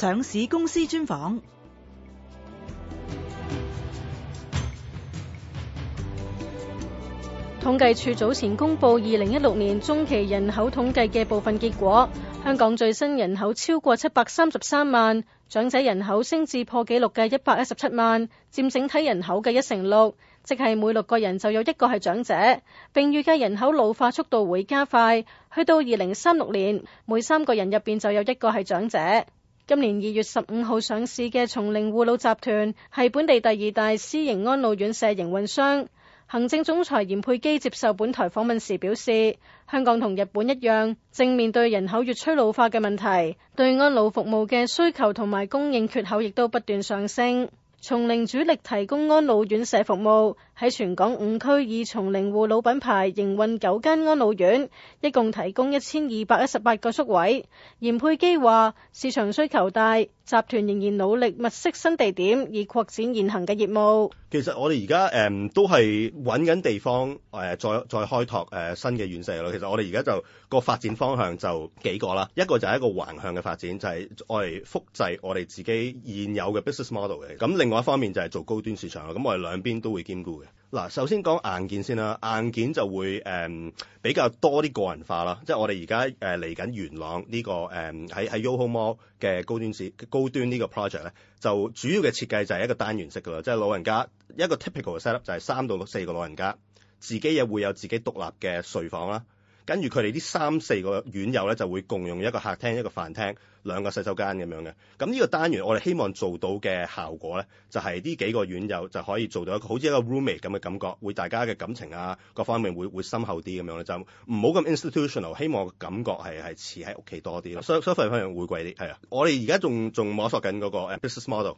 上市公司專訪。統計處早前公布二零一六年中期人口統計嘅部分結果，香港最新人口超過七百三十三萬，長者人口升至破紀錄嘅一百一十七萬，佔整體人口嘅一成六，即係每六個人就有一個係長者，並預計人口老化速度會加快，去到二零三六年，每三個人入面就有一個係長者。今年二月十五號上市嘅松齡護老集團係本地第二大私營安老院舍營運商。行政總裁嚴沛基接受本台訪問時表示，香港同日本一樣，正面對人口越趨老化嘅問題，對安老服務嘅需求同埋供應缺口亦都不斷上升。松齡主力提供安老院舍服務，喺全港五區以松齡護老品牌營運九間安老院，一共提供一千二百一十八個宿位。嚴沛基話：市場需求大。集團仍然努力物色新地點，以擴展現行嘅業務。其實我哋而家誒都係揾緊地方、呃、再再開拓誒、呃、新嘅院舍咯。其實我哋而家就個發展方向就幾個啦，一個就係一個橫向嘅發展，就係我哋複製我哋自己現有嘅 business model 嘅。咁另外一方面就係做高端市場咯。咁我哋兩邊都會兼顧嘅。嗱，首先講硬件先啦，硬件就會誒比較多啲個人化啦，即係我哋而家誒嚟緊元朗呢個誒喺喺 Yoho Mall 嘅高端市高端呢個 project 咧，就主要嘅設計就係一個單元式噶啦，即係老人家一個 typical set up 就係三到四個老人家自己又會有自己獨立嘅睡房啦。跟住佢哋呢三四個院友咧，就會共用一個客廳、一個飯廳、兩個洗手間咁樣嘅。咁呢個單元，我哋希望做到嘅效果咧，就係、是、呢幾個院友就可以做到一個好似一個 roommate 咁嘅感覺，會大家嘅感情啊，各方面會會深厚啲咁樣咧，就唔好咁 institutional。希望感覺係係似喺屋企多啲咯。收收費方面會貴啲，係啊。我哋而家仲仲摸索緊嗰個 business model。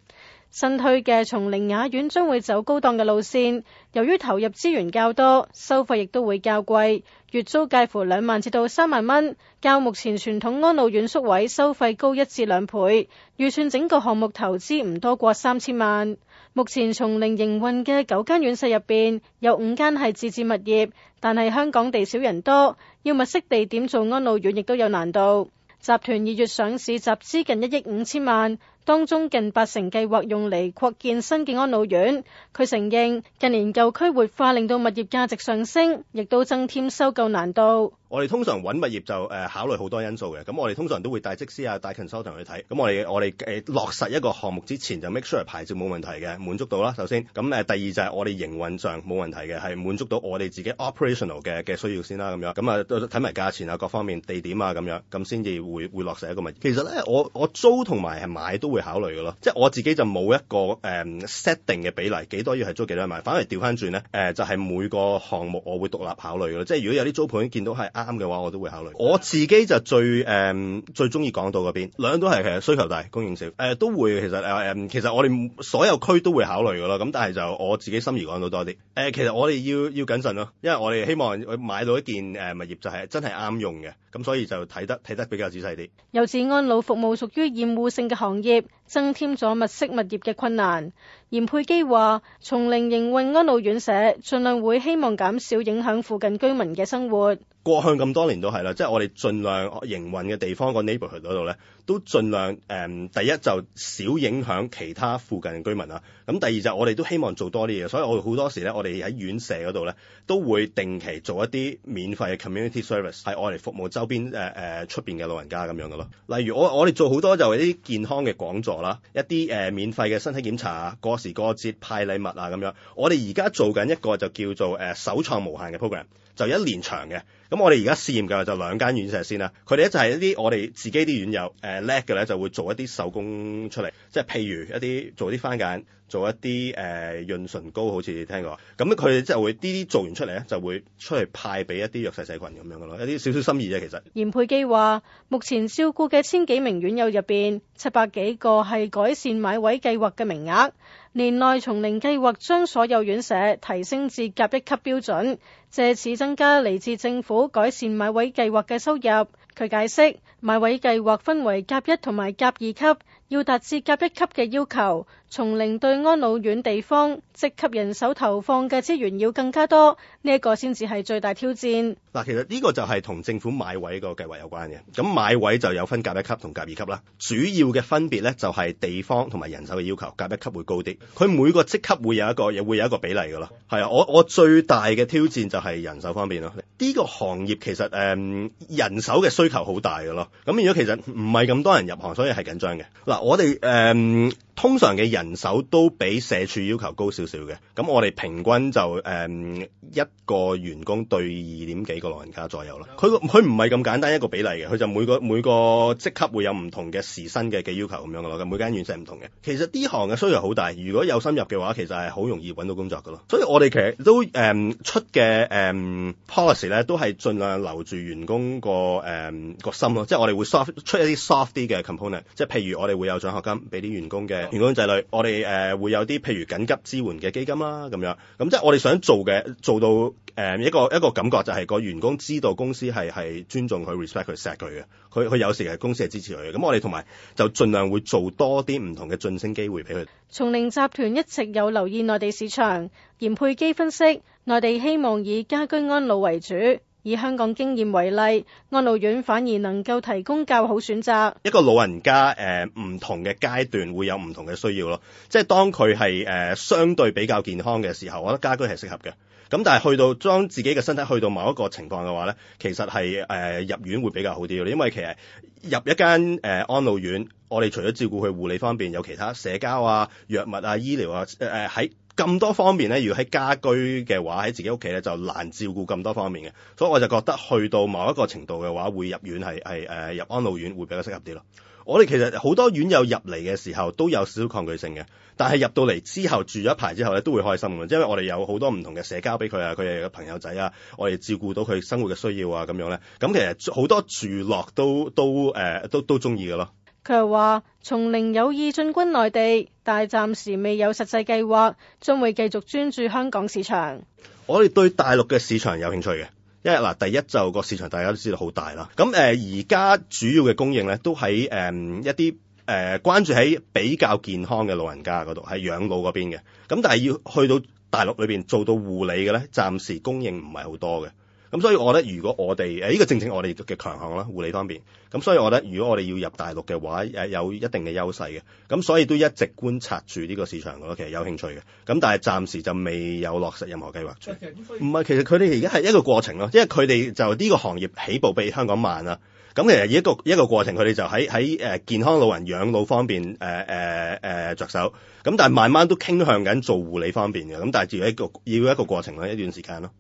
新推嘅松齡雅苑將會走高檔嘅路線，由於投入資源較多，收費亦都會較貴。月租介乎兩萬至到三萬蚊，較目前傳統安老院宿位收費高一至兩倍。預算整個項目投資唔多過三千萬。目前從零營運嘅九間院舍入邊，有五間係自置物業，但係香港地少人多，要物色地點做安老院亦都有難度。集團二月上市集資近一億五千萬。當中近八成計劃用嚟擴建新嘅安老院。佢承認近年舊區活化令到物業價值上升，亦都增添收購難度。我哋通常揾物業就誒、呃、考慮好多因素嘅，咁我哋通常都會帶職師啊帶 consultant 去睇。咁我哋我哋誒、呃、落實一個項目之前就 make sure 牌照冇問題嘅，滿足到啦首先。咁誒第二就係我哋營運上冇問題嘅，係滿足到我哋自己 operational 嘅嘅需要先啦咁樣。咁啊睇埋價錢啊各方面地點啊咁樣，咁先至會會落實一個物業。其實咧我我租同埋係買都會。考慮嘅咯，即係我自己就冇一個誒 set 定嘅比例，幾多要係租幾多買。反而調翻轉咧，就係、是、每個項目我會獨立考慮嘅咯。即係如果有啲租盤見到係啱嘅話，我都會考慮。我自己就最誒最中意港島嗰邊，兩樣都係其實需求大，供應少、呃、都會其實、呃、其實我哋所有區都會考慮嘅啦，咁但係就我自己心儀講到多啲誒、呃，其實我哋要要謹慎咯，因為我哋希望買到一件物業就係、是、真係啱用嘅，咁所以就睇得睇得比較仔細啲。由於安老服務屬於厭惡性嘅行業，增添咗物色物業嘅困難。嚴沛基話：松齡營運安老院舍，盡量會希望減少影響附近居民嘅生活。過去咁多年都係啦，即、就、係、是、我哋盡量營運嘅地方，個 neighborhood 嗰度咧，都盡量誒、嗯，第一就少影響其他附近嘅居民啊。咁第二就我哋都希望做多啲嘢，所以我哋好多時咧，我哋喺院舍嗰度咧，都會定期做一啲免費嘅 community service，係我哋服務周邊誒誒出邊嘅老人家咁樣噶咯。例如我我哋做好多就係啲健康嘅講座啦，一啲誒、呃、免費嘅身體檢查啊，時過節派禮物啊，咁樣我哋而家做緊一個就叫做誒、啊、首創無限嘅 program。就一年長嘅咁，我哋而家試驗嘅就兩間院舍先啦。佢哋咧就係一啲我哋自己啲院友誒叻嘅咧，呃、的就會做一啲手工出嚟，即係譬如一啲做啲番梘，做一啲誒、呃、潤唇膏，好似聽過咁。佢哋就會啲啲做完出嚟咧，就會出嚟派俾一啲弱勢社群咁樣嘅咯，有啲少少心意啫。其實嚴沛基話：目前照顧嘅千幾名院友入邊，七百幾個係改善買位計劃嘅名額，年內松齡計劃將所有院舍提升至甲一級標準。借此增加嚟自政府改善買位計劃嘅收入。佢解釋買位計劃分為甲一同埋甲二級，要達至甲一級嘅要求，從零對安老院地方職級人手投放嘅資源要更加多，呢一個先至係最大挑戰。嗱，其實呢個就係同政府買位個計劃有關嘅。咁買位就有分甲一級同甲二級啦，主要嘅分別呢，就係地方同埋人手嘅要求，甲一級會高啲。佢每個職級會有一個，又會有一個比例噶咯。係啊，我我最大嘅挑戰就係人手方面咯。呢個行業其實誒人手嘅，需求好大嘅咯，咁如果其實唔係咁多人入行，所以係緊張嘅。嗱，我哋誒。嗯通常嘅人手都比社署要求高少少嘅，咁我哋平均就誒、嗯、一個員工對二點幾個老人家左右啦。佢佢唔係咁簡單一個比例嘅，佢就每個每個職級會有唔同嘅時薪嘅嘅要求咁樣嘅咯。每間院舍唔同嘅。其實呢行嘅需求好大，如果有深入嘅話，其實係好容易揾到工作噶咯。所以我哋其實都誒、嗯、出嘅誒、嗯、policy 咧，都係盡量留住員工個誒、嗯、個心咯。即係我哋會 soft 出一啲 soft 啲嘅 component，即係譬如我哋會有獎學金俾啲員工嘅。員工仔女，我哋誒、呃、會有啲譬如緊急支援嘅基金啦，咁樣，咁即係我哋想做嘅做到誒、呃、一個一個感覺、就是，就係個員工知道公司係係尊重佢、respect 佢、錫佢嘅，佢佢有時係公司係支持佢嘅。咁我哋同埋就盡量會做多啲唔同嘅晉升機會俾佢。松齡集團一直有留意內地市場，嚴沛基分析內地希望以家居安老為主。以香港經驗為例，安老院反而能夠提供較好選擇。一個老人家誒唔同嘅階段會有唔同嘅需要咯，即係當佢係誒相對比較健康嘅時候，我覺得家居係適合嘅。咁但係去到將自己嘅身體去到某一個情況嘅話咧，其實係誒入院會比較好啲咯。因為其實入一間誒安老院，我哋除咗照顧佢護理方面，有其他社交啊、藥物啊、醫療啊誒喺，呃在咁多方面咧，如果喺家居嘅話，喺自己屋企咧就難照顧咁多方面嘅，所以我就覺得去到某一個程度嘅話，會入院係係誒入安老院會比較適合啲咯。我哋其實好多院友入嚟嘅時候都有少少抗拒性嘅，但係入到嚟之後住咗一排之後咧都會開心嘅，因為我哋有好多唔同嘅社交俾佢啊，佢哋嘅朋友仔啊，我哋照顧到佢生活嘅需要啊咁樣咧，咁其實好多住落都都誒、呃、都都中意噶咯。佢又話：松齡有意進軍內地，但係暫時未有實際計劃，將會繼續專注香港市場。我哋對大陸嘅市場有興趣嘅，因為嗱，第一就個市場大家都知道好大啦。咁誒，而、呃、家主要嘅供應咧都喺誒、呃、一啲誒、呃、關注喺比較健康嘅老人家嗰度，喺養老嗰邊嘅。咁但係要去到大陸裏邊做到護理嘅咧，暫時供應唔係好多嘅。咁所以，我覺得如果我哋誒呢個正正我哋嘅強項啦，護理方面。咁所以，我覺得如果我哋要入大陸嘅話，誒有一定嘅優勢嘅。咁所以都一直觀察住呢個市場咯，其實有興趣嘅。咁但係暫時就未有落實任何計劃。唔、嗯、係，其實佢哋而家係一個過程咯，因為佢哋就呢個行業起步比香港慢啦。咁其實一個一個過程，佢哋就喺喺誒健康老人養老方面誒誒誒着手。咁但係慢慢都傾向緊做護理方面嘅。咁但係要一個要一個過程，一段時間咯。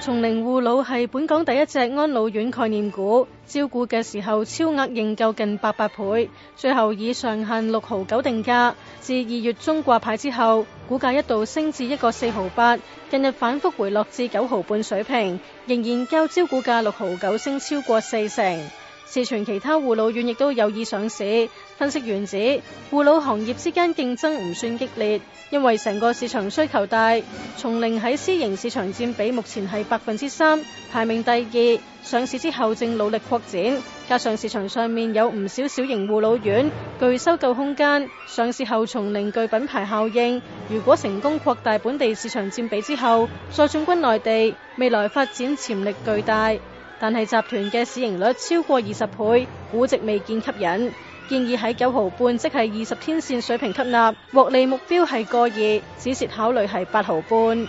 松齡護老係本港第一隻安老院概念股，招股嘅時候超額認購近八百倍，最後以上限六毫九定價。自二月中掛牌之後，股價一度升至一個四毫八，近日反復回落至九毫半水平，仍然較招股價六毫九升超過四成。市場其他護老院亦都有意上市，分析員指護老行業之間競爭唔算激烈，因為成個市場需求大。松齡喺私營市場占比目前係百分之三，排名第二。上市之後正努力擴展，加上市場上面有唔少小型護老院，具收購空間。上市後松齡具品牌效應，如果成功擴大本地市場占比之後，再進軍內地，未來發展潛力巨大。但係集團嘅市盈率超過二十倍，估值未見吸引，建議喺九毫半，即係二十天線水平吸納獲利目標，係個二，止蝕考慮係八毫半。